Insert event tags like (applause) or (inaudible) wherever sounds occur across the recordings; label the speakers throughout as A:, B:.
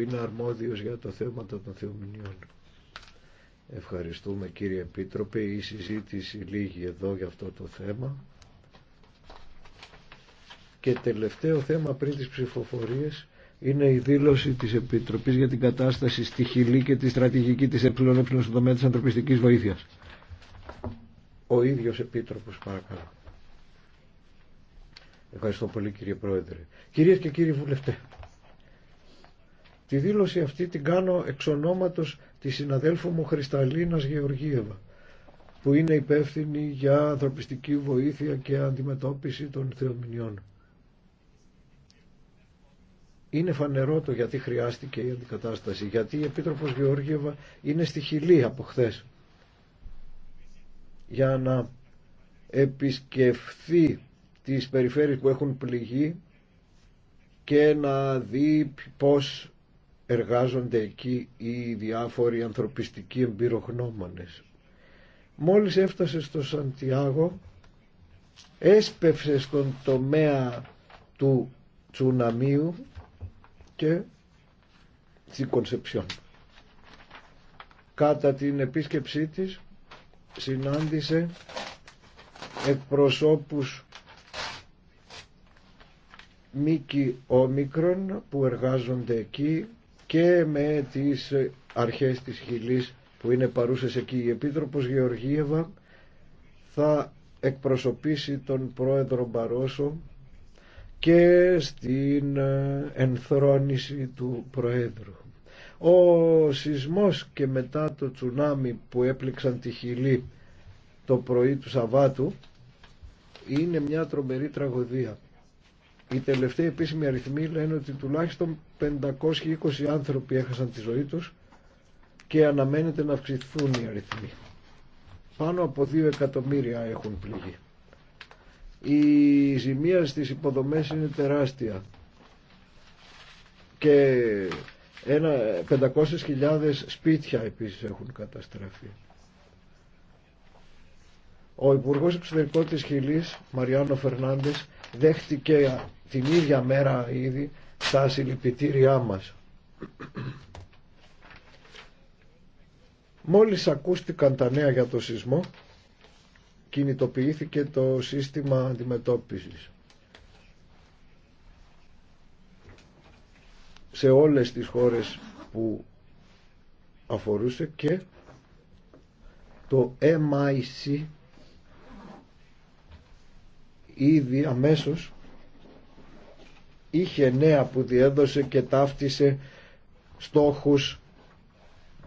A: είναι αρμόδιος για το θέμα των θεομηνιών. Ευχαριστούμε κύριε Επίτροπε. Η συζήτηση λίγη εδώ για αυτό το θέμα. Και τελευταίο θέμα πριν τις ψηφοφορίες είναι η δήλωση της Επιτροπής για την κατάσταση στη Χιλή και τη στρατηγική της ΕΕ στον τομέα της ανθρωπιστικής βοήθειας. Ο ίδιος Επίτροπος παρακαλώ. Ευχαριστώ πολύ κύριε Πρόεδρε. Κυρίες και κύριοι βουλευτές. Τη δήλωση αυτή την κάνω εξ ονόματος της συναδέλφου μου Χρισταλίνας Γεωργίευα που είναι υπεύθυνη για ανθρωπιστική βοήθεια και αντιμετώπιση των θεομηνιών. Είναι φανερό το γιατί χρειάστηκε η αντικατάσταση, γιατί η Επίτροπος Γεώργιεβα είναι στη Χιλή από χθε για να επισκεφθεί τις περιφέρειες που έχουν πληγεί και να δει πώς εργάζονται εκεί οι διάφοροι ανθρωπιστικοί εμπειρογνώμονες. Μόλις έφτασε στο Σαντιάγο έσπευσε στον τομέα του τσουναμίου και στην Κονσεψιόν. Κατά την επίσκεψή της συνάντησε εκπροσώπους Μίκη όμικρον που εργάζονται εκεί και με τις αρχές της Χιλής που είναι παρούσες εκεί. Η Επίτροπος Γεωργίευα θα εκπροσωπήσει τον πρόεδρο Μπαρόσο και στην ενθρόνηση του Προέδρου. Ο σεισμός και μετά το τσουνάμι που έπληξαν τη Χιλή το πρωί του Σαββάτου είναι μια τρομερή τραγωδία. Οι τελευταίοι επίσημοι αριθμοί λένε ότι τουλάχιστον 520 άνθρωποι έχασαν τη ζωή τους και αναμένεται να αυξηθούν οι αριθμοί. Πάνω από 2 εκατομμύρια έχουν πληγεί. Η ζημία στις υποδομές είναι τεράστια και 500.000 σπίτια επίσης έχουν καταστραφεί. Ο Υπουργό Εξωτερικών τη Χιλή, Μαριάνο Φερνάντες, δέχτηκε την ίδια μέρα ήδη τα συλληπιτήριά μα. Μόλις ακούστηκαν τα νέα για το σεισμό, κινητοποιήθηκε το σύστημα αντιμετώπισης. σε όλες τις χώρες που αφορούσε και το MIC ήδη αμέσως είχε νέα που διέδωσε και ταύτισε στόχους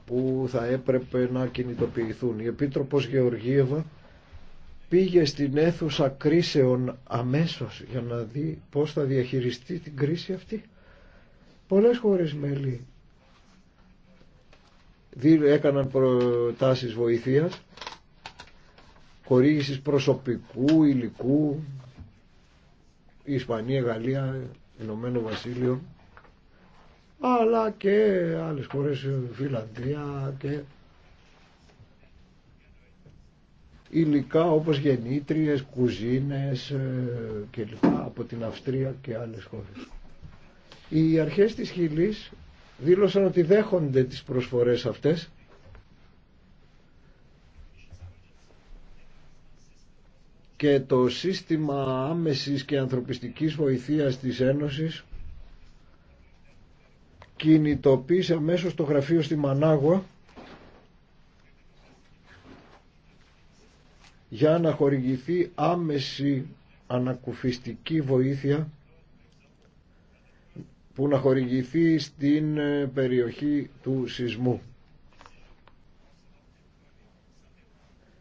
A: που θα έπρεπε να κινητοποιηθούν. Η Επίτροπος Γεωργίευα πήγε στην αίθουσα κρίσεων αμέσως για να δει πώς θα διαχειριστεί την κρίση αυτή. Πολλές χώρες μέλη έκαναν προτάσεις βοηθείας χορήγησης προσωπικού, υλικού, η Ισπανία, Γαλλία, Ηνωμένο Βασίλειο, αλλά και άλλες χώρες, Φιλανδία και υλικά όπως γεννήτριες, κουζίνες ε, κλπ. από την Αυστρία και άλλες χώρες. Οι αρχές της Χιλής δήλωσαν ότι δέχονται τις προσφορές αυτές και το σύστημα άμεσης και ανθρωπιστικής βοηθείας της Ένωσης κινητοποίησε μέσω το γραφείο στη Μανάγουα για να χορηγηθεί άμεση ανακουφιστική βοήθεια που να χορηγηθεί στην περιοχή του σεισμού.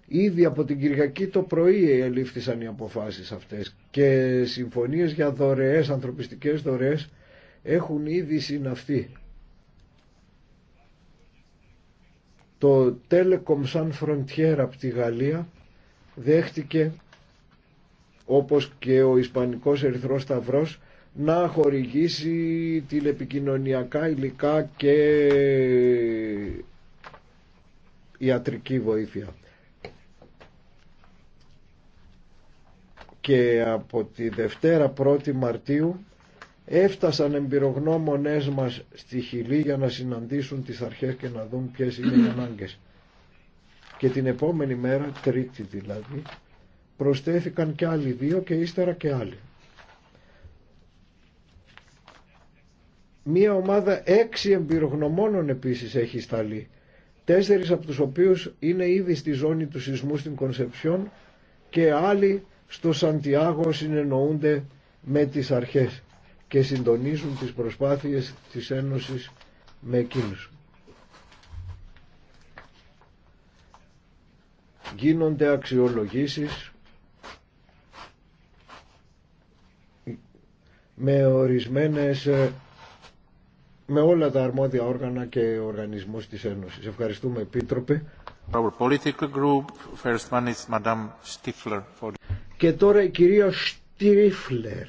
A: Ήδη από την Κυριακή το πρωί ελήφθησαν οι αποφάσεις αυτές και συμφωνίες για δωρεές, ανθρωπιστικές δωρεές έχουν ήδη συναυθεί. Το Telecom San Frontier από τη Γαλλία δέχτηκε όπως και ο Ισπανικός Ερυθρός Σταυρός να χορηγήσει τηλεπικοινωνιακά υλικά και ιατρική βοήθεια. και από τη Δευτέρα 1η Μαρτίου έφτασαν εμπειρογνώμονές μας στη Χιλή για να συναντήσουν τις αρχές και να δουν ποιες είναι οι ανάγκες. Και την επόμενη μέρα, τρίτη δηλαδή, προσθέθηκαν και άλλοι δύο και ύστερα και άλλοι. Μία ομάδα έξι εμπειρογνωμόνων επίσης έχει σταλεί, τέσσερις από τους οποίους είναι ήδη στη ζώνη του σεισμού στην Κονσεψιόν και άλλοι στο Σαντιάγο συνεννοούνται με τις αρχές και συντονίζουν τις προσπάθειες της Ένωσης με εκείνους. Γίνονται αξιολογήσεις με ορισμένες ε, με όλα τα αρμόδια όργανα και οργανισμούς της Ένωσης. Ευχαριστούμε Επίτροπε. Και τώρα η κυρία Στρίφλερ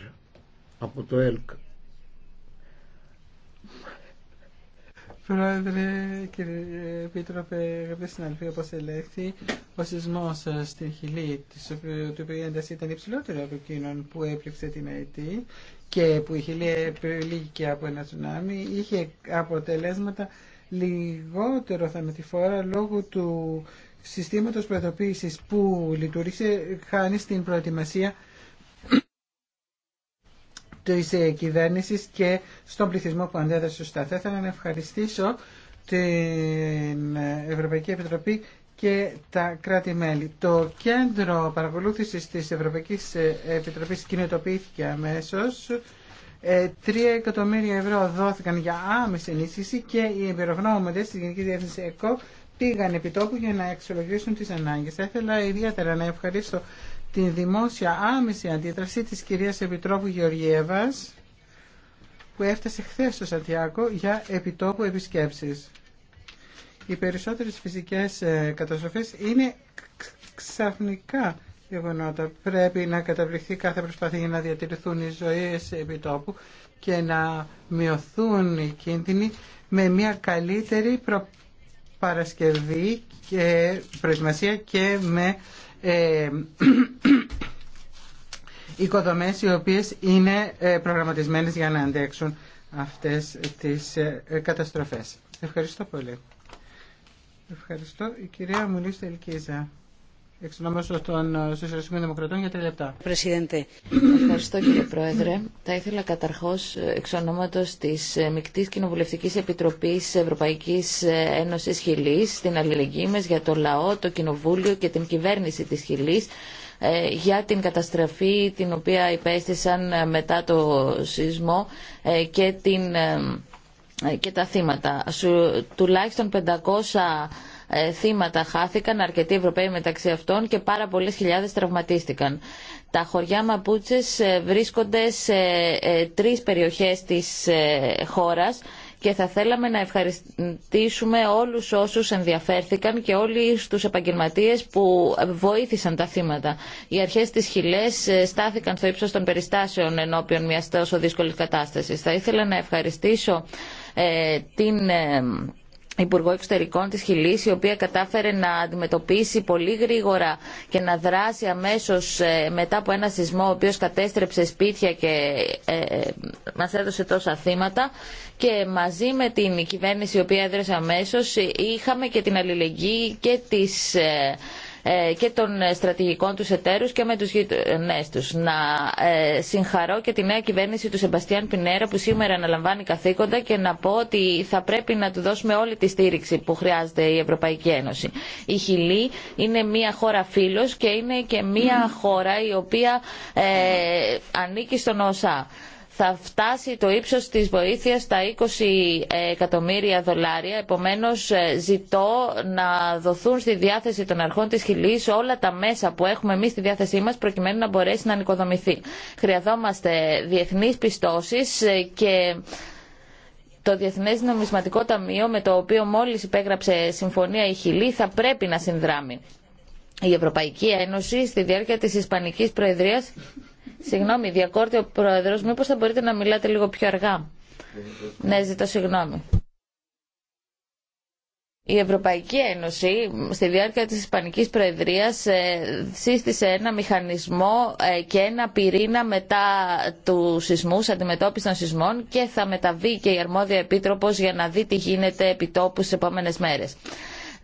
A: από το ΕΛΚ.
B: Πρόεδρε, κύριε Επίτροπε, αγαπητοί συναδελφοί, όπω ελέγχθη, ο σεισμό ε, στην Χιλή, του οποίου ένταση ήταν υψηλότερο από εκείνον που έπληξε την ΑΕΤ και που η Χιλή επιλύγηκε από ένα τσουνάμι, είχε αποτελέσματα λιγότερο θανατηφόρα λόγω του συστήματος προειδοποίηση που λειτουργήσε χάνει στην προετοιμασία τη ε, κυβέρνηση και στον πληθυσμό που αντέδρασε σωστά. Θα ήθελα να ευχαριστήσω την Ευρωπαϊκή Επιτροπή και τα κράτη-μέλη. Το κέντρο παρακολούθησης της Ευρωπαϊκής ε, Επιτροπής κινητοποιήθηκε αμέσω. Ε, τρία εκατομμύρια ευρώ δόθηκαν για άμεση ενίσχυση και οι εμπειρογνώμονε τη Γενική διεύθυνση ΕΚΟ πήγαν επί τόπου για να αξιολογήσουν τις ανάγκες. Θα ήθελα ιδιαίτερα να ευχαρίσω την δημόσια άμεση αντίδραση της κυρίας Επιτρόπου Γεωργίευας που έφτασε χθες στο Σαντιάκο για επιτόπου επισκέψεις. Οι περισσότερες φυσικές ε, καταστροφές είναι ξαφνικά γεγονότα. Πρέπει να καταβληθεί κάθε προσπάθεια για να διατηρηθούν οι ζωές επιτόπου και να μειωθούν οι κίνδυνοι με μια καλύτερη Παρασκευή και προετοιμασία και με ε, (clears throat) οικοδομές οι οποίες είναι ε, προγραμματισμένες για να αντέξουν αυτές τις ε, καταστροφές. Ευχαριστώ πολύ. Ευχαριστώ. Η κυρία Μουλίστα Ελκίζα. Εξ των ε, Δημοκρατών για τρία λεπτά.
C: ευχαριστώ κύριε Πρόεδρε. Θα ήθελα καταρχώς ε, εξ ονόματος της ε, Μικτής Κοινοβουλευτικής Επιτροπής Ευρωπαϊκής Ένωσης Χιλής στην αλληλεγγύη μας για το λαό, το κοινοβούλιο και την κυβέρνηση της Χιλής για την καταστροφή την οποία υπέστησαν μετά το σεισμό και, και τα θύματα. Σου, τουλάχιστον 500 ε, θύματα χάθηκαν, αρκετοί Ευρωπαίοι μεταξύ αυτών και πάρα πολλές χιλιάδες τραυματίστηκαν. Τα χωριά Μαπούτσες ε, βρίσκονται σε ε, τρεις περιοχές της χώρας και θα θέλαμε να ευχαριστήσουμε όλους όσους ενδιαφέρθηκαν και όλοι τους επαγγελματίες που βοήθησαν τα θύματα. Οι αρχές της Χιλές στάθηκαν στο ύψο των περιστάσεων ενώπιον μιας τόσο δύσκολης κατάστασης. Θα ήθελα να ευχαριστήσω την... Υπουργό Εξωτερικών της Χιλής, η οποία κατάφερε να αντιμετωπίσει πολύ γρήγορα και να δράσει αμέσως ε, μετά από ένα σεισμό, ο οποίος κατέστρεψε σπίτια και ε, ε, μας έδωσε τόσα θύματα. Και μαζί με την κυβέρνηση, η οποία έδρασε αμέσως, είχαμε και την αλληλεγγύη και της... Ε, ε, και των στρατηγικών τους εταίρου και με τους γείτονέ τους. Να ε, συγχαρώ και τη νέα κυβέρνηση του Σεμπαστιάν Πινέρα που σήμερα αναλαμβάνει καθήκοντα και να πω ότι θα πρέπει να του δώσουμε όλη τη στήριξη που χρειάζεται η Ευρωπαϊκή Ένωση. Η Χιλή είναι μια χώρα φίλο και είναι και μια χώρα η οποία ε, ανήκει στον ΟΣΑ θα φτάσει το ύψος της βοήθειας στα 20 εκατομμύρια δολάρια. Επομένως ε, ζητώ να δοθούν στη διάθεση των αρχών της Χιλής όλα τα μέσα που έχουμε εμείς στη διάθεσή μας προκειμένου να μπορέσει να ανοικοδομηθεί. Χρειαζόμαστε διεθνείς πιστώσεις ε, και το Διεθνές Νομισματικό Ταμείο με το οποίο μόλις υπέγραψε συμφωνία η Χιλή θα πρέπει να συνδράμει. Η Ευρωπαϊκή Ένωση στη διάρκεια της Ισπανικής Προεδρίας Συγγνώμη, διακόρτει ο Πρόεδρος. Μήπως θα μπορείτε να μιλάτε λίγο πιο αργά. Ναι, ζητώ συγγνώμη. Η Ευρωπαϊκή Ένωση στη διάρκεια της Ισπανικής Προεδρίας ε, σύστησε ένα μηχανισμό ε, και ένα πυρήνα μετά του σεισμού, αντιμετώπιση των σεισμών και θα μεταβεί και η αρμόδια επίτροπος για να δει τι γίνεται επίτόπου στις επόμενες μέρες.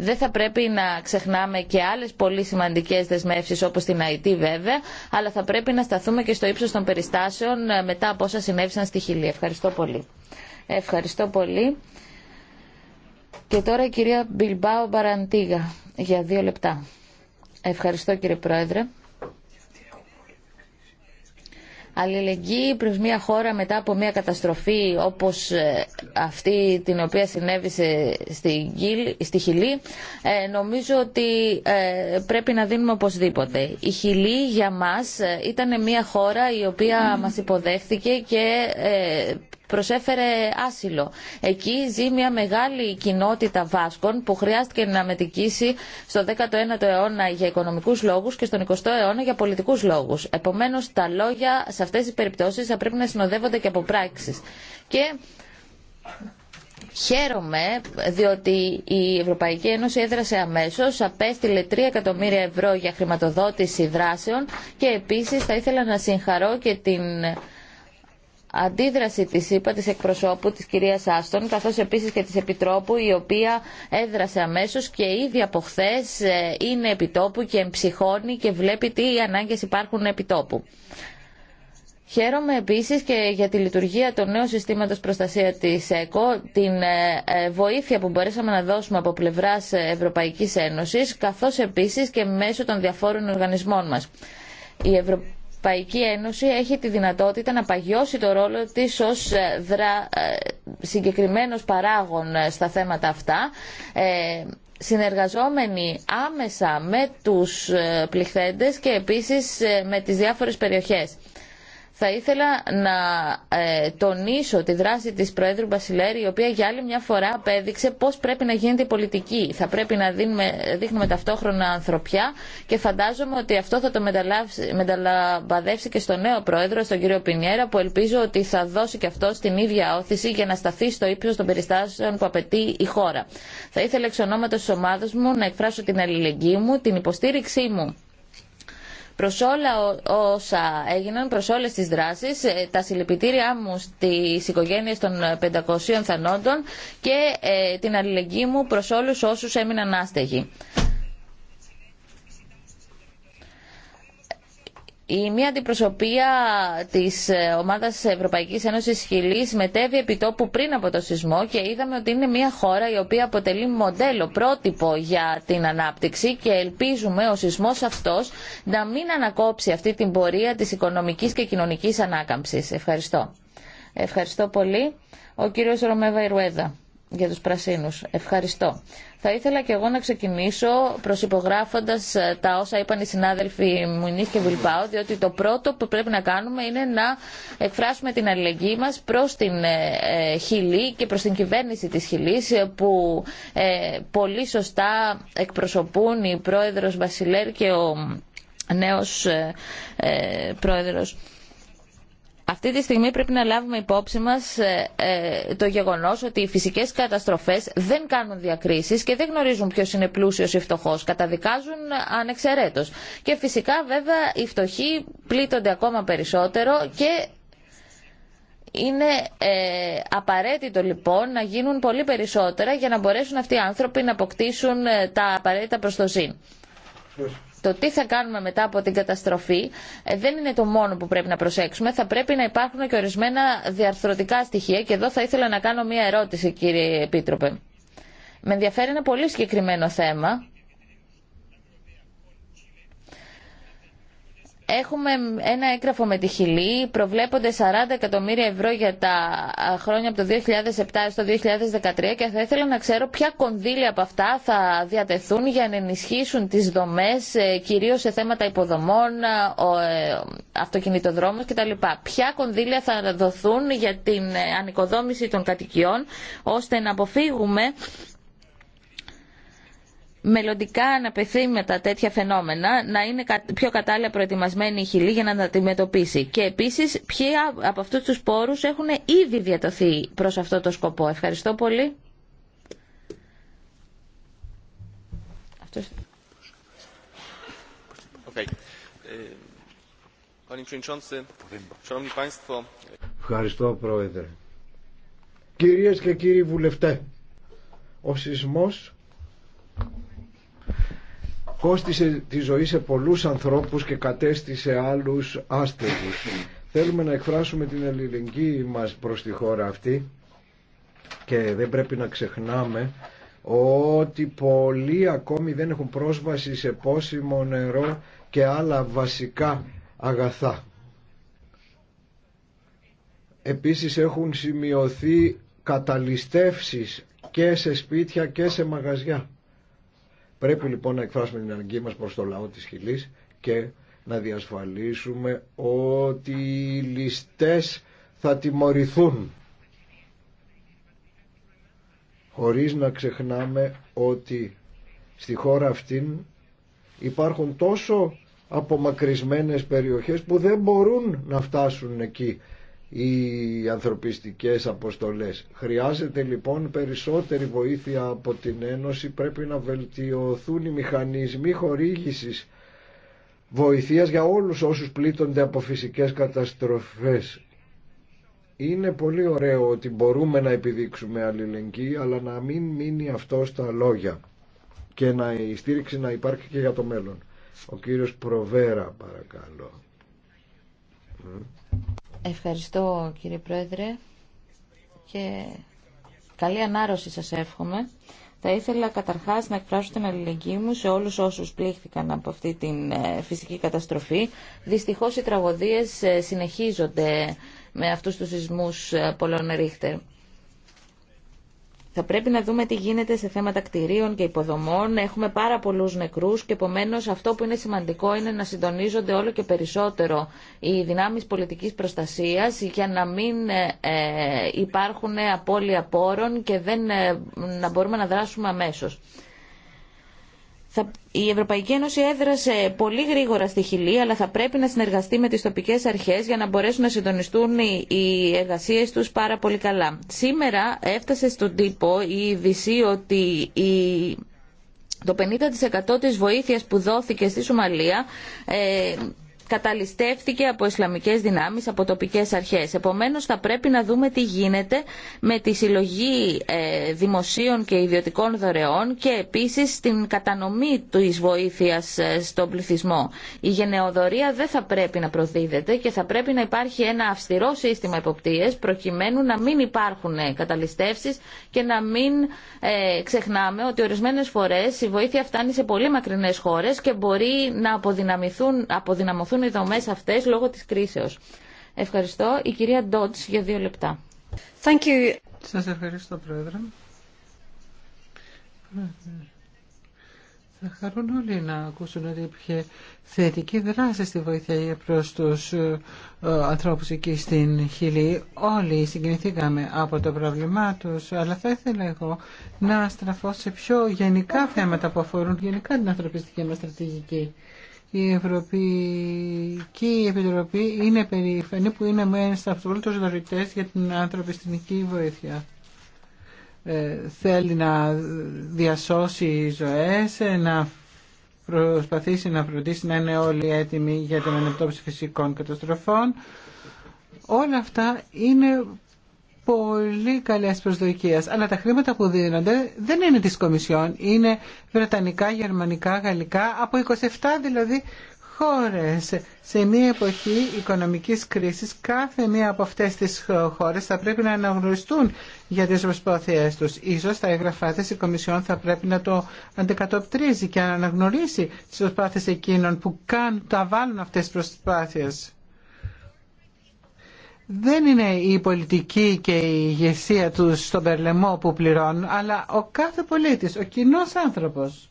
C: Δεν θα πρέπει να ξεχνάμε και άλλες πολύ σημαντικέ δεσμεύσει όπως την ΑΕΤ βέβαια, αλλά θα πρέπει να σταθούμε και στο ύψο των περιστάσεων ε, μετά από όσα συνέβησαν στη Χιλή. Ευχαριστώ πολύ. Ευχαριστώ πολύ. Και τώρα η κυρία Μπιλμπάου Μπαραντίγα για δύο λεπτά. Ευχαριστώ κύριε Πρόεδρε αλληλεγγύη προς μια χώρα μετά από μια καταστροφή όπως ε, αυτή την οποία συνέβησε στη Χιλή ε, νομίζω ότι ε, πρέπει να δίνουμε οπωσδήποτε. Η Χιλή για μας ήταν μια χώρα η οποία μας υποδέχθηκε και προσέφερε άσυλο. Εκεί ζει μια μεγάλη κοινότητα Βάσκων που χρειάστηκε να μετικήσει στο 19ο αιώνα για οικονομικούς λόγους και στον 20ο αιώνα για πολιτικούς λόγους. Επομένως τα λόγια σε αυτέ τι περιπτώσεις θα πρέπει να συνοδεύονται και από πράξεις. Και Χαίρομαι διότι η Ευρωπαϊκή Ένωση έδρασε αμέσως, απέστειλε 3 εκατομμύρια ευρώ για χρηματοδότηση δράσεων και επίσης θα ήθελα να συγχαρώ και την αντίδραση της είπα της εκπροσώπου, της κυρίας Άστον, καθώς επίσης και της Επιτρόπου, η οποία έδρασε αμέσως και ήδη από χθε ε, είναι επιτόπου και εμψυχώνει και βλέπει τι ανάγκες υπάρχουν επιτόπου. Χαίρομαι επίσης και για τη λειτουργία του νέου συστήματος προστασία της ΕΚΟ, την ε, ε, βοήθεια που μπορέσαμε να δώσουμε από πλευράς Ευρωπαϊκής Ένωσης, καθώς επίσης και μέσω των διαφόρων οργανισμών μας. Ευρωπαϊκή Ένωση έχει τη δυνατότητα να παγιώσει το ρόλο της ως ε, δρα... Ε, συγκεκριμένος παράγων ε, στα θέματα αυτά συνεργαζόμενοι άμεσα με τους πληχθέντες και επίσης με τις διάφορες περιοχές. Θα ήθελα να ε, τονίσω τη δράση της Προέδρου Μπασιλέρη, η οποία για άλλη μια φορά απέδειξε πώς πρέπει να γίνεται η πολιτική. Θα πρέπει να δίνουμε, δείχνουμε ταυτόχρονα ανθρωπιά και φαντάζομαι ότι αυτό θα το μεταλαμπαδεύσει και στο νέο Πρόεδρο, στον κύριο Πινιέρα, που ελπίζω ότι θα δώσει και αυτό την ίδια όθηση για να σταθεί στο ύψος των περιστάσεων που απαιτεί η χώρα. Θα ήθελα εξ ονόματος της ομάδας μου να εκφράσω την αλληλεγγύη μου, την υποστήριξή μου Προς όλα όσα έγιναν, προ όλε τι δράσει, ε, τα συλληπιτήριά μου στι οικογένειε των 500 θανόντων και ε, την αλληλεγγύη μου προ όλου όσους έμειναν άστεγοι. Η μία αντιπροσωπεία της ε, ομάδας Ευρωπαϊκής Ένωσης Χιλής μετέβη επιτόπου πριν από το σεισμό και είδαμε ότι είναι μια αντιπροσωπεια της ομάδα Ευρωπαϊκή Ένωση χιλης μετεβη επιτοπου πριν απο το σεισμο και ειδαμε οτι ειναι μια χωρα η οποία αποτελεί μοντέλο πρότυπο για την ανάπτυξη και ελπίζουμε ο σεισμός αυτός να μην ανακόψει αυτή την πορεία της οικονομικής και κοινωνικής ανάκαμψης. Ευχαριστώ. Ευχαριστώ πολύ. Ο κύριος Ρωμέβα Ιρουέδα για τους πρασίνους. Ευχαριστώ. Θα ήθελα και εγώ να ξεκινήσω προσυπογράφοντας ε, τα όσα είπαν οι συνάδελφοι Μουνής και Βουλπάου, διότι το πρώτο που πρέπει να κάνουμε είναι να εκφράσουμε την αλληλεγγύη μας προς την ε, ε, Χιλή και προς την κυβέρνηση της Χιλής, που πολύ σωστά εκπροσωπούν η πρόεδρος Βασιλέρ και ο νέος πρόεδρος αυτή τη στιγμή πρέπει να λάβουμε υπόψη μας ε, ε, το γεγονός ότι οι φυσικές καταστροφές δεν κάνουν διακρίσεις και δεν γνωρίζουν ποιος είναι πλούσιος ή φτωχός. Καταδικάζουν ανεξαιρέτως. Και φυσικά βέβαια οι φτωχοί πλήττονται ακόμα περισσότερο και είναι ε, απαραίτητο λοιπόν να γίνουν πολύ περισσότερα για να μπορέσουν αυτοί οι άνθρωποι να αποκτήσουν ε, τα απαραίτητα προστοζήν. Το τι θα κάνουμε μετά από την καταστροφή ε, δεν είναι το μόνο που πρέπει να προσέξουμε. Θα πρέπει να υπάρχουν και ορισμένα διαρθρωτικά στοιχεία και εδώ θα ήθελα να κάνω μία ερώτηση κύριε Επίτροπε. Με ενδιαφέρει ένα πολύ συγκεκριμένο θέμα Έχουμε ένα έγγραφο με τη Χιλή, προβλέπονται 40 εκατομμύρια ευρώ για τα χρόνια από το 2007 το 2013 και θα ήθελα να ξέρω ποια κονδύλια από αυτά θα διατεθούν για να ενισχύσουν τις δομές, ε, κυρίως σε θέματα υποδομών, ε, ε, αυτοκινητοδρόμους κτλ. Ποια κονδύλια θα δοθούν για την ανοικοδόμηση των κατοικιών, ώστε να αποφύγουμε μελλοντικά τα τέτοια φαινόμενα να είναι πιο κατάλληλα προετοιμασμένη η χιλή για να τα αντιμετωπίσει. Και επίσης ποιοι από αυτούς τους πόρους έχουν ήδη διατοθεί προς αυτό το σκοπό. Ευχαριστώ πολύ.
B: E,
A: Ευχαριστώ Πρόεδρε. Κυρίες και κύριοι βουλευτές, ο σεισμός κόστισε τη ζωή σε πολλούς ανθρώπους και κατέστησε άλλους άστεγους. Θέλουμε να εκφράσουμε την ελληνική μας προς τη χώρα αυτή και δεν πρέπει να ξεχνάμε ότι πολλοί ακόμη δεν έχουν πρόσβαση σε πόσιμο νερό και άλλα βασικά αγαθά. Επίσης έχουν σημειωθεί καταλυστεύσεις και σε σπίτια και σε μαγαζιά. Πρέπει λοιπόν να εκφράσουμε την αναγκή μας προς το λαό της Χιλής και να διασφαλίσουμε ότι οι ληστές θα τιμωρηθούν χωρίς να ξεχνάμε ότι στη χώρα αυτήν υπάρχουν τόσο απομακρυσμένες περιοχές που δεν μπορούν να φτάσουν εκεί οι ανθρωπιστικές αποστολές. Χρειάζεται λοιπόν περισσότερη βοήθεια από την Ένωση, πρέπει να βελτιωθούν οι μηχανισμοί χορήγησης βοηθείας για όλους όσους πλήττονται από φυσικές καταστροφές. Είναι πολύ ωραίο ότι μπορούμε να επιδείξουμε αλληλεγγύη, αλλά να μην μείνει αυτό στα λόγια και να η στήριξη να υπάρχει και για το μέλλον. Ο κύριος Προβέρα παρακαλώ.
C: Ευχαριστώ κύριε Πρόεδρε και καλή ανάρρωση σας εύχομαι. Θα ήθελα καταρχάς να εκφράσω την αλληλεγγύη μου σε όλους όσους πλήχθηκαν από αυτή την ε, φυσική καταστροφή. Δυστυχώς οι τραγωδίες ε, συνεχίζονται με αυτούς τους σεισμούς ε, πολλών ρίχτερ. Θα πρέπει να δούμε τι γίνεται σε θέματα κτηρίων και υποδομών. Έχουμε πάρα πολλού νεκρούς και επομένω αυτό που είναι σημαντικό είναι να συντονίζονται όλο και περισσότερο οι δυνάμει πολιτικής προστασίας για να μην ε, ε, υπάρχουν απώλεια πόρων και δεν, ε, να μπορούμε να δράσουμε αμέσω η Ευρωπαϊκή Ένωση έδρασε πολύ γρήγορα στη Χιλή, αλλά θα πρέπει να συνεργαστεί με τις τοπικές αρχές για να μπορέσουν να συντονιστούν οι, εργασίες τους πάρα πολύ καλά. Σήμερα έφτασε στον τύπο η ειδησή ότι η το 50% της βοήθειας που δόθηκε στη Σουμαλία... ε, καταλυστεύτηκε από Ισλαμικές δυνάμεις, από τοπικές αρχές. Επομένως θα πρέπει να δούμε τι γίνεται με τη συλλογή ε, δημοσίων και ιδιωτικών δωρεών και επίσης την κατανομή της βοήθειας ε, στον πληθυσμό. Η γενεοδορία δεν θα πρέπει να προδίδεται και θα πρέπει να υπάρχει ένα αυστηρό σύστημα υποπτίες προκειμένου να μην υπάρχουν ε, καταλυστεύσεις και να μην ξεχνάμε ότι ορισμένες φορές η βοήθεια φτάνει σε πολύ μακρινέ χώρε και μπορεί να αποδυναμωθούν οι δομές αυτές λόγω της κρίσεως. Ευχαριστώ. Η κυρία Ντότς για δύο λεπτά. Thank you.
B: Σας ευχαριστώ, Πρόεδρε. Θα χαρούν όλοι να ακούσουν ότι υπήρχε θετική δράση στη βοήθεια προς τους ε, ανθρώπους εκεί στην Χιλή. Όλοι συγκινηθήκαμε από το πρόβλημά τους, αλλά θα ήθελα εγώ να στραφώ σε πιο γενικά θέματα που αφορούν γενικά την ανθρωπιστική μας στρατηγική η Ευρωπαϊκή Επιτροπή είναι περήφανη που είναι μέσα από τους δωρητές για την ανθρωπιστική βοήθεια. Ε, θέλει να διασώσει ζωές, ε, να προσπαθήσει να φροντίσει να είναι όλοι έτοιμοι για την ανεπτώπιση φυσικών καταστροφών. Όλα αυτά είναι πολύ καλέ προσδοκίε. Αλλά τα χρήματα που δίνονται δεν είναι τη Κομισιόν, είναι βρετανικά, γερμανικά, γαλλικά, από 27 δηλαδή χώρε. Σε μια εποχή οικονομική κρίση. κάθε μία από αυτέ τι χώρε θα πρέπει να αναγνωριστούν για τι προσπάθειε του. σω τα έγγραφά τη η Κομισιόν θα πρέπει να το αντικατοπτρίζει και να αναγνωρίσει τι προσπάθειε εκείνων που κάνουν, τα βάλουν αυτέ τι προσπάθειε δεν είναι η πολιτική και η ηγεσία του στον περλεμό που πληρώνουν, αλλά ο κάθε πολίτης, ο κοινός άνθρωπος.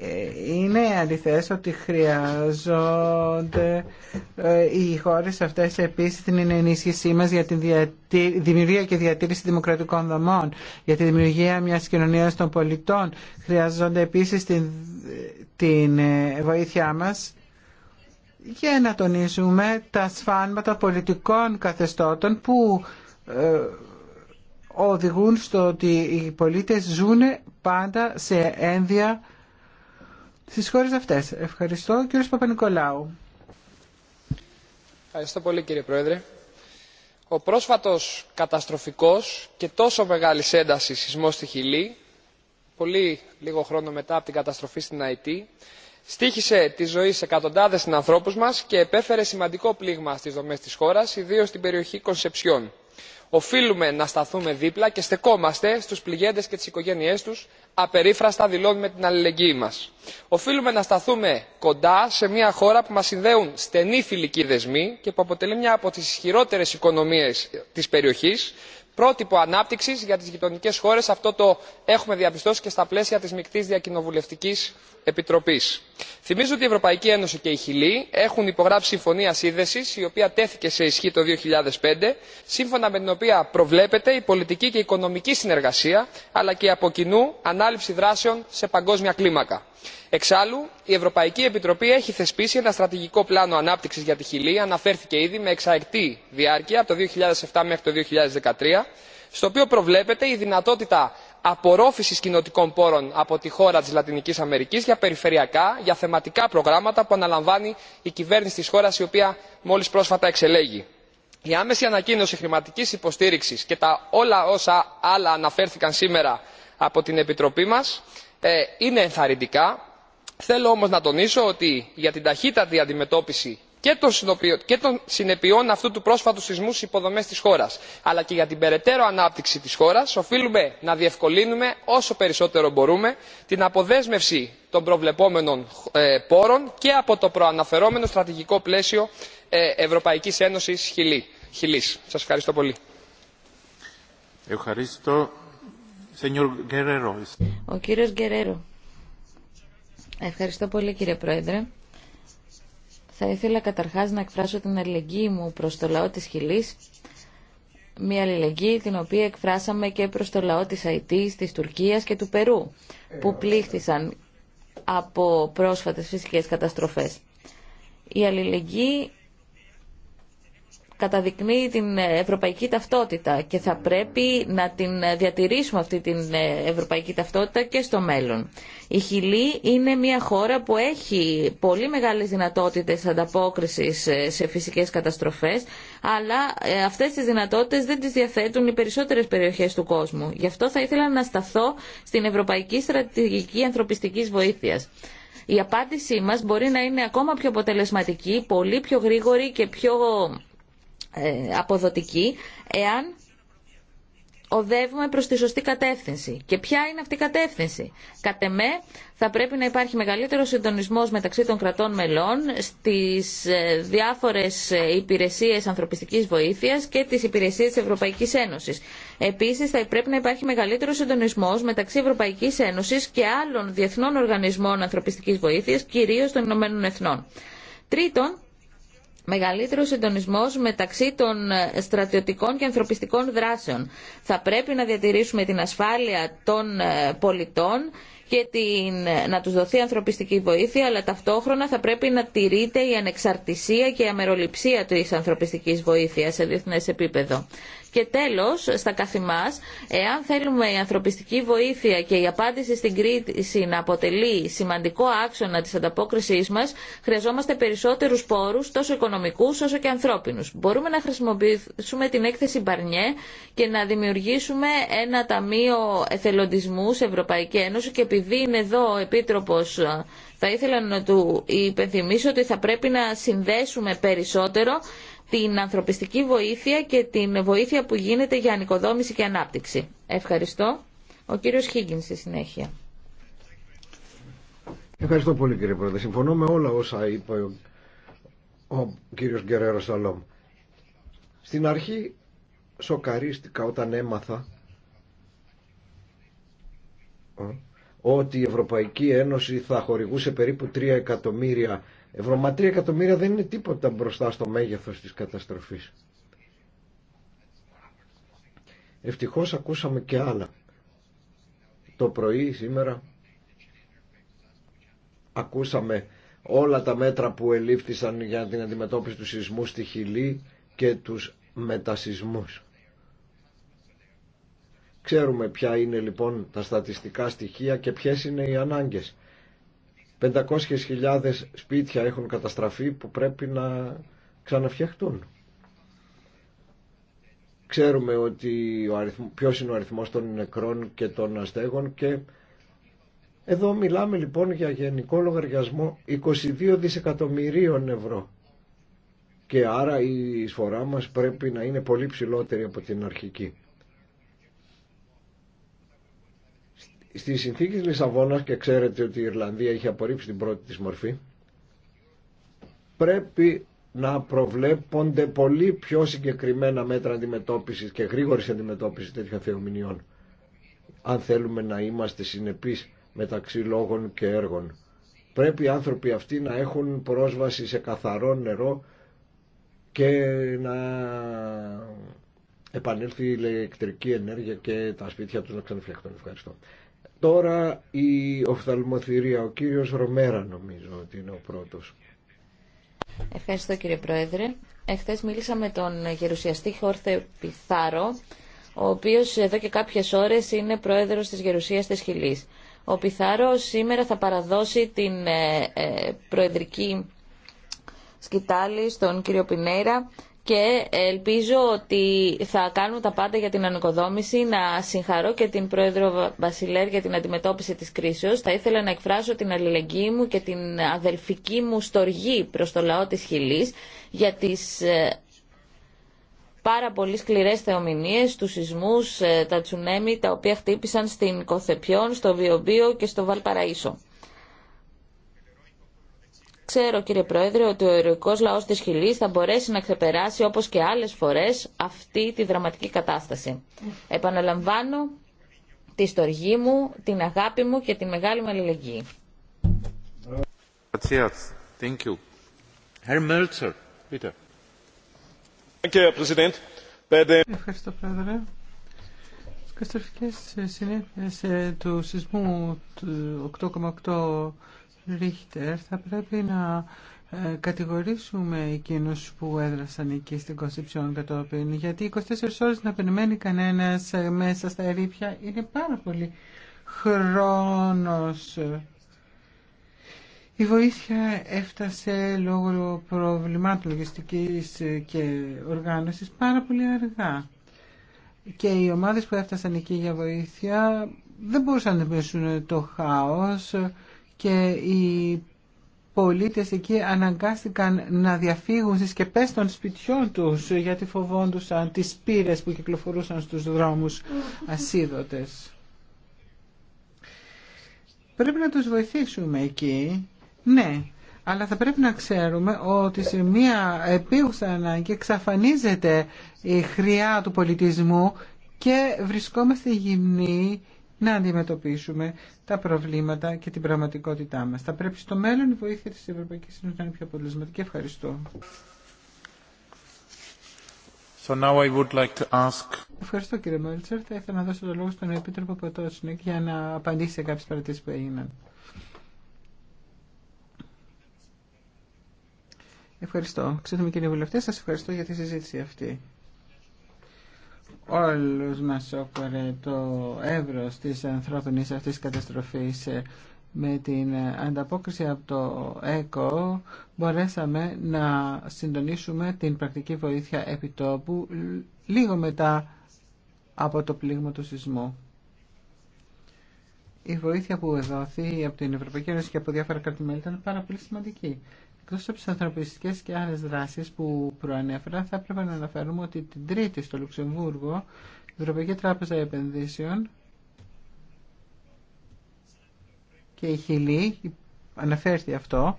B: Ε, είναι αληθές ότι χρειάζονται ε, οι χώρες αυτές επίσης την ενίσχυσή μας για τη δημιουργία και διατήρηση δημοκρατικών δομών, για τη δημιουργία μιας κοινωνίας των πολιτών. Χρειάζονται επίσης την, την ε, βοήθειά μας για να τονίζουμε τα σφάλματα πολιτικών καθεστώτων που ε, οδηγούν στο ότι οι πολίτες ζουν πάντα σε ένδια στις χώρες αυτές. Ευχαριστώ. Κύριος Παπα-Νικολάου.
D: Ευχαριστώ πολύ κύριε Πρόεδρε. Ο πρόσφατος καταστροφικός και τόσο μεγάλης έντασης σεισμός στη Χιλή, πολύ λίγο χρόνο μετά από την καταστροφή στην Αϊτή, στήχησε τη ζωή σε εκατοντάδε συνανθρώπου μα και επέφερε σημαντικό πλήγμα στι δομέ τη χώρα ιδίω στην περιοχή κονσεψιόν. οφείλουμε να σταθούμε δίπλα και στεκόμαστε στου πληγέντε και τι οικογένειέ του απερίφραστα δηλώνουμε την αλληλεγγύη μα. οφείλουμε να σταθούμε κοντά σε μια χώρα που μα συνδέουν στενοί φιλικοί δεσμοί και που αποτελεί μια από τι ισχυρότερε οικονομίε τη περιοχή πρότυπο ανάπτυξη για τι γειτονικέ χώρε αυτό το έχουμε διαπιστώσει και στα πλαίσια τη μεικτή διακοινοβουλευτική επιτροπή. θυμίζω ότι η ευρωπαϊκή ένωση και η χιλή έχουν υπογράψει συμφωνία σύνδεση η οποία τέθηκε σε ισχύ το 2005 σύμφωνα με την οποία προβλέπεται η πολιτική και οικονομική συνεργασία αλλά και από κοινού ανάληψη δράσεων σε παγκόσμια κλίμακα εξάλλου η ευρωπαϊκή επιτροπή έχει θεσπίσει ένα στρατηγικό πλάνο ανάπτυξης για τη χιλία αναφέρθηκε ήδη με εξαετή διάρκεια από το 2007 μέχρι το 2013 στο οποίο προβλέπεται η δυνατότητα απορρόφησης κοινοτικών πόρων από τη χώρα της λατινικής αμερικής για περιφερειακά για θεματικά προγράμματα που αναλαμβάνει η κυβέρνηση της χώρας η οποία μόλις πρόσφατα εξελέγη. η άμεση ανακοίνωση χρηματικής υποστήριξης και όλα όσα άλλα αναφέρθηκαν σήμερα από την επιτροπή μα. Ε, είναι ενθαρρυντικά θέλω όμως να τονίσω ότι για την ταχύτατη αντιμετώπιση και των συνεπειών αυτού του πρόσφατου σεισμού στις υποδομές της χώρας αλλά και για την περαιτέρω ανάπτυξη της χώρας οφείλουμε να διευκολύνουμε όσο περισσότερο μπορούμε την αποδέσμευση των προβλεπόμενων ε, πόρων και από το προαναφερόμενο στρατηγικό πλαίσιο ε, ευρωπαϊκής ένωσης χιλής. σας ευχαριστώ πολύ. Ευχαριστώ.
C: Ο κύριος Γκερέρο. Ευχαριστώ πολύ κύριε Πρόεδρε. Θα ήθελα καταρχάς να εκφράσω την αλληλεγγύη μου προς το λαό της Χιλής. Μια αλληλεγγύη την οποία εκφράσαμε και προς το λαό της Αιτής, της Τουρκίας και του Περού που πλήχθησαν από πρόσφατες φυσικές καταστροφές. Η αλληλεγγύη καταδεικνύει την ευρωπαϊκή ταυτότητα και θα πρέπει να την διατηρήσουμε αυτή την ε, ευρωπαϊκή ταυτότητα και στο μέλλον. Η Χιλή είναι μια χώρα που έχει πολύ μεγάλες δυνατότητες ανταπόκρισης ε, σε φυσικές καταστροφές, αλλά ε, αυτές τις δυνατότητες δεν τις διαθέτουν οι περισσότερες περιοχές του κόσμου. Γι' αυτό θα ήθελα να σταθώ στην Ευρωπαϊκή Στρατηγική Ανθρωπιστικής Βοήθειας. Η απάντησή μας μπορεί να είναι ακόμα πιο αποτελεσματική, πολύ πιο γρήγορη και πιο ε, αποδοτική εάν οδεύουμε προς τη σωστή κατεύθυνση. Και ποια είναι αυτή η κατεύθυνση. Κατ' εμέ θα πρέπει να υπάρχει μεγαλύτερο συντονισμός μεταξύ των κρατών μελών στις ε, διάφορες ε, υπηρεσίες ανθρωπιστικής βοήθειας και τις υπηρεσίες της Ευρωπαϊκής Ένωσης. Επίσης θα πρέπει να υπάρχει μεγαλύτερο συντονισμός μεταξύ Ευρωπαϊκής Ένωσης και άλλων διεθνών οργανισμών ανθρωπιστικής βοήθειας, κυρίως των Ηνωμένων Εθνών. Τρίτον, μεγαλύτερο συντονισμό μεταξύ των στρατιωτικών και ανθρωπιστικών δράσεων. Θα πρέπει να διατηρήσουμε την ασφάλεια των ε, πολιτών και την, να τους δοθεί ανθρωπιστική βοήθεια, αλλά ταυτόχρονα θα πρέπει να τηρείται η ανεξαρτησία και η αμεροληψία της ανθρωπιστικής βοήθειας σε διεθνές επίπεδο. Και τέλος, στα καθημάς, εάν θέλουμε η ανθρωπιστική βοήθεια και η απάντηση στην κρίση να αποτελεί σημαντικό άξονα της ανταπόκρισής μας, χρειαζόμαστε περισσότερους πόρους, τόσο οικονομικούς όσο και ανθρώπινους. Μπορούμε να χρησιμοποιήσουμε την έκθεση Μπαρνιέ και να δημιουργήσουμε ένα ταμείο εθελοντισμού σε Ευρωπαϊκή Ένωση και επειδή είναι εδώ ο Επίτροπος ε, θα ήθελα να του υπενθυμίσω ότι θα πρέπει να συνδέσουμε περισσότερο την ανθρωπιστική βοήθεια και την βοήθεια που γίνεται για ανοικοδόμηση και ανάπτυξη. Ευχαριστώ. Ο κύριος Χίγκιν στη συνέχεια.
D: Ευχαριστώ
A: πολύ κύριε Πρόεδρε. Συμφωνώ με όλα όσα είπε ο, ο κύριος Γκερέρο Σαλόμ. Στην αρχή σοκαρίστηκα όταν έμαθα ότι η Ευρωπαϊκή Ένωση θα χορηγούσε περίπου 3 εκατομμύρια ευρώ. Μα 3 εκατομμύρια δεν είναι τίποτα μπροστά στο μέγεθος της καταστροφής. Ευτυχώς ακούσαμε και άλλα. Το πρωί σήμερα ακούσαμε όλα τα μέτρα που ελήφθησαν για την αντιμετώπιση του σεισμού στη Χιλή και τους μετασυσμούς. Ξέρουμε ποια είναι λοιπόν τα στατιστικά στοιχεία και ποιες είναι οι ανάγκες. 500.000 σπίτια έχουν καταστραφεί που πρέπει να ξαναφτιαχτούν. Ξέρουμε ότι ο ποιος είναι ο αριθμός των νεκρών και των αστέγων και εδώ μιλάμε λοιπόν για γενικό λογαριασμό 22 δισεκατομμυρίων ευρώ. Και άρα η εισφορά μας πρέπει να είναι πολύ ψηλότερη από την αρχική. Στη συνθήκη της Λισαβόνας και ξέρετε ότι η Ιρλανδία είχε απορρίψει την πρώτη της μορφή πρέπει να προβλέπονται πολύ πιο συγκεκριμένα μέτρα αντιμετώπισης και γρήγορης αντιμετώπισης τέτοιων θεομηνιών αν θέλουμε να είμαστε συνεπείς μεταξύ λόγων και έργων. Πρέπει οι άνθρωποι αυτοί να έχουν πρόσβαση σε καθαρό νερό και να επανέλθει η ηλεκτρική ενέργεια και τα σπίτια τους να ξαναφτιαχτούν. Ευχαριστώ. Τώρα η οφθαλμοθυρία, ο κύριος Ρομέρα νομίζω ότι είναι ο πρώτος.
C: Ευχαριστώ κύριε Πρόεδρε. Εχθές μίλησα με τον γερουσιαστή Χόρθε Πιθάρο, ο οποίος εδώ και κάποιες ώρες είναι πρόεδρος της Γερουσίας της Χιλής. Ο Πιθάρο σήμερα θα παραδώσει την ε, ε, προεδρική σκητάλη στον κύριο Πινέιρα και ελπίζω ότι θα κάνουν τα πάντα για την ανοικοδόμηση. Να συγχαρώ και την Πρόεδρο Βασιλέρ για την αντιμετώπιση της κρίσεως. Θα ήθελα να εκφράσω την αλληλεγγύη μου και την αδελφική μου στοργή προς το λαό της Χιλής για τις ε, πάρα πολύ σκληρές θεομηνίες, τους σεισμούς, ε, τα τσουνέμι, τα οποία χτύπησαν στην Κοθεπιόν, στο Βιομπίο και στο Βαλπαραΐσο. Ξέρω κύριε Πρόεδρε ότι ο ερωικός λαός της Χιλής θα μπορέσει να ξεπεράσει όπως και άλλες φορές αυτή τη δραματική κατάσταση. Επαναλαμβάνω τη στοργή μου, την αγάπη μου και τη μεγάλη μου αλληλεγγύη.
B: Thank you. Herr bitte. Ευχαριστώ, Πρόεδρε. Καταστροφικές συνέπειες ε, του σεισμού του 8,8 Ρίχτερ, θα πρέπει να ε, κατηγορήσουμε εκείνου που έδρασαν εκεί στην Κωνσηψιόν κατόπιν, γιατί 24 ώρες να περιμένει κανένας ε, μέσα στα ερήπια είναι πάρα πολύ χρόνος. Η βοήθεια έφτασε λόγω προβλημάτων λογιστικής ε, και οργάνωσης πάρα πολύ αργά. Και οι ομάδες που έφτασαν εκεί για βοήθεια δεν μπορούσαν να πέσουν το χάος, και οι πολίτες εκεί αναγκάστηκαν να διαφύγουν στις σκεπές των σπιτιών τους γιατί φοβόντουσαν τις πύρες που κυκλοφορούσαν στους δρόμους ασίδωτες. Πρέπει να τους βοηθήσουμε εκεί, ναι, αλλά θα πρέπει να ξέρουμε ότι σε μία επίγουσα ανάγκη εξαφανίζεται η χρειά του πολιτισμού και βρισκόμαστε γυμνοί να αντιμετωπίσουμε τα προβλήματα και την πραγματικότητά μα. Θα πρέπει στο μέλλον η βοήθεια τη ευρωπαϊκή Ένωση να είναι πιο αποτελεσματική. Ευχαριστώ. So now I would like to ask... Ευχαριστώ κύριε Μόλτσερ. Θα ήθελα να δώσω το λόγο στον Επίτροπο Ποτότσνικ για να απαντήσει σε κάποιες παρατήσεις που έγιναν. Ευχαριστώ. Ξέρετε κύριε βουλευτέ, σα ευχαριστώ για τη συζήτηση αυτή όλους μας όκορε το εύρος της ανθρώπινης αυτής καταστροφής με την ανταπόκριση από το ΕΚΟ μπορέσαμε να συντονίσουμε την πρακτική βοήθεια επιτόπου λίγο μετά από το πλήγμα του σεισμού. Η βοήθεια που δόθη από την Ευρωπαϊκή Ένωση και από διάφορα κρατημέλη ήταν πάρα πολύ σημαντική. Εκτό από τι ανθρωπιστικέ και άλλε δράσει που προανέφερα, θα έπρεπε να αναφέρουμε ότι την Τρίτη στο Λουξεμβούργο, η Ευρωπαϊκή Τράπεζα Επενδύσεων και η Χιλή, αναφέρθηκε αυτό,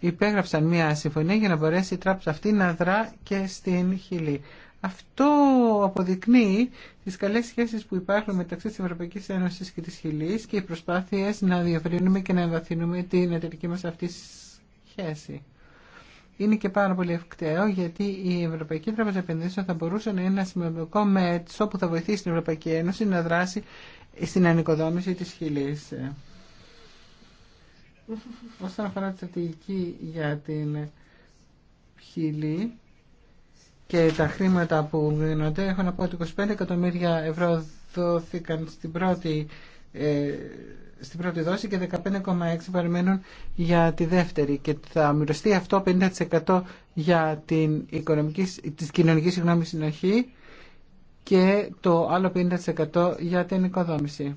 B: υπέγραψαν μια συμφωνία για να μπορέσει η τράπεζα αυτή να δρά και στην Χιλή. Αυτό αποδεικνύει τις καλές σχέσεις που υπάρχουν μεταξύ της Ευρωπαϊκής Ένωσης και της Χιλής και οι προσπάθειες να διευρύνουμε και να εμβαθύνουμε την εταιρική μας αυτή σχέση. Είναι και πάρα πολύ ευκταίο γιατί η Ευρωπαϊκή Τράπεζα Επενδύσεων θα μπορούσε να είναι ένα σημαντικό μέτσο που θα βοηθήσει την Ευρωπαϊκή Ένωση να δράσει στην ανοικοδόμηση της χιλής. Όσον αφορά τη στρατηγική για την χιλή και τα χρήματα που δίνονται, έχω να πω ότι 25 εκατομμύρια ευρώ δόθηκαν στην πρώτη ε, στην πρώτη δόση και 15,6 παραμένουν για τη δεύτερη και θα μοιραστεί αυτό 50% για την οικονομική, της κοινωνικής συγγνώμη συνοχή και το άλλο 50% για την οικοδόμηση.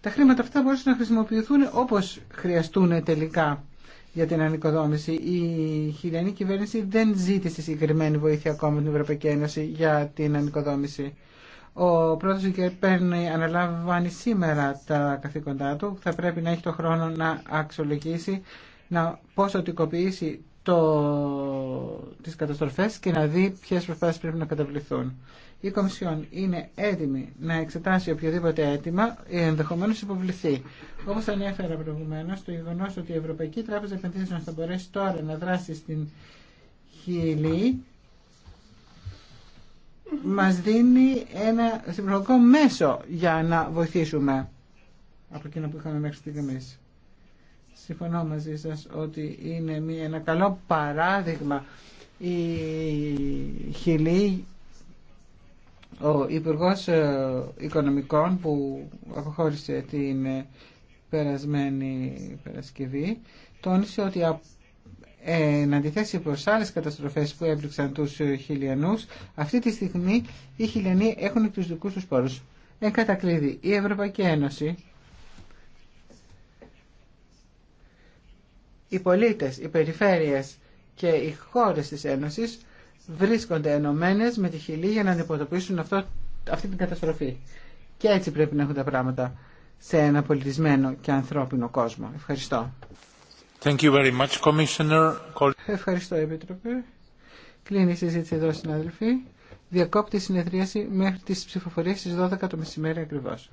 B: Τα χρήματα αυτά μπορούν να χρησιμοποιηθούν όπως χρειαστούν τελικά για την ανοικοδόμηση. Η χιλιανή κυβέρνηση δεν ζήτησε συγκεκριμένη βοήθεια ακόμα από την Ευρωπαϊκή Ένωση για την ανοικοδόμηση. Ο πρόεδρος κ. Παίρνει αναλαμβάνει σήμερα τα καθήκοντά του. Θα πρέπει να έχει το χρόνο να αξιολογήσει, να ποσοτικοποιήσει το, τις καταστροφές και να δει ποιες προσπάθειες πρέπει να καταβληθούν. Η Κομισιόν είναι έτοιμη να εξετάσει οποιοδήποτε αίτημα ε, ενδεχομένω υποβληθεί. Όπω ανέφερα προηγουμένω, το γεγονό ότι η Ευρωπαϊκή Τράπεζα Επενδύσεων θα μπορέσει τώρα να δράσει στην Χιλή μα δίνει ένα συμπληρωματικό μέσο για να βοηθήσουμε από εκείνο που είχαμε μέχρι στιγμή. Συμφωνώ μαζί σας ότι είναι μια, ένα καλό παράδειγμα η Χιλή, ο Υπουργός ε, Οικονομικών που αποχώρησε την ε, περασμένη Παρασκευή, τόνισε ότι εν αντιθέσει προς άλλες καταστροφές που έπληξαν τους ε, χιλιανούς, αυτή τη στιγμή οι χιλιανοί έχουν τους δικούς τους πόρους. Εν κατακλείδη, η Ευρωπαϊκή Ένωση οι πολίτες, οι περιφέρειες και οι χώρες της Ένωσης βρίσκονται ενωμένε με τη χιλή για να αντιμετωπίσουν αυτή την καταστροφή. Και έτσι πρέπει να έχουν τα πράγματα σε ένα πολιτισμένο και ανθρώπινο κόσμο. Ευχαριστώ. Thank you very much, Commissioner. Ευχαριστώ, Επίτροπε. Κλείνει η συζήτηση εδώ, συνάδελφοι. Διακόπτει η συνεδρίαση μέχρι τις ψηφοφορίες στις 12 το μεσημέρι ακριβώς.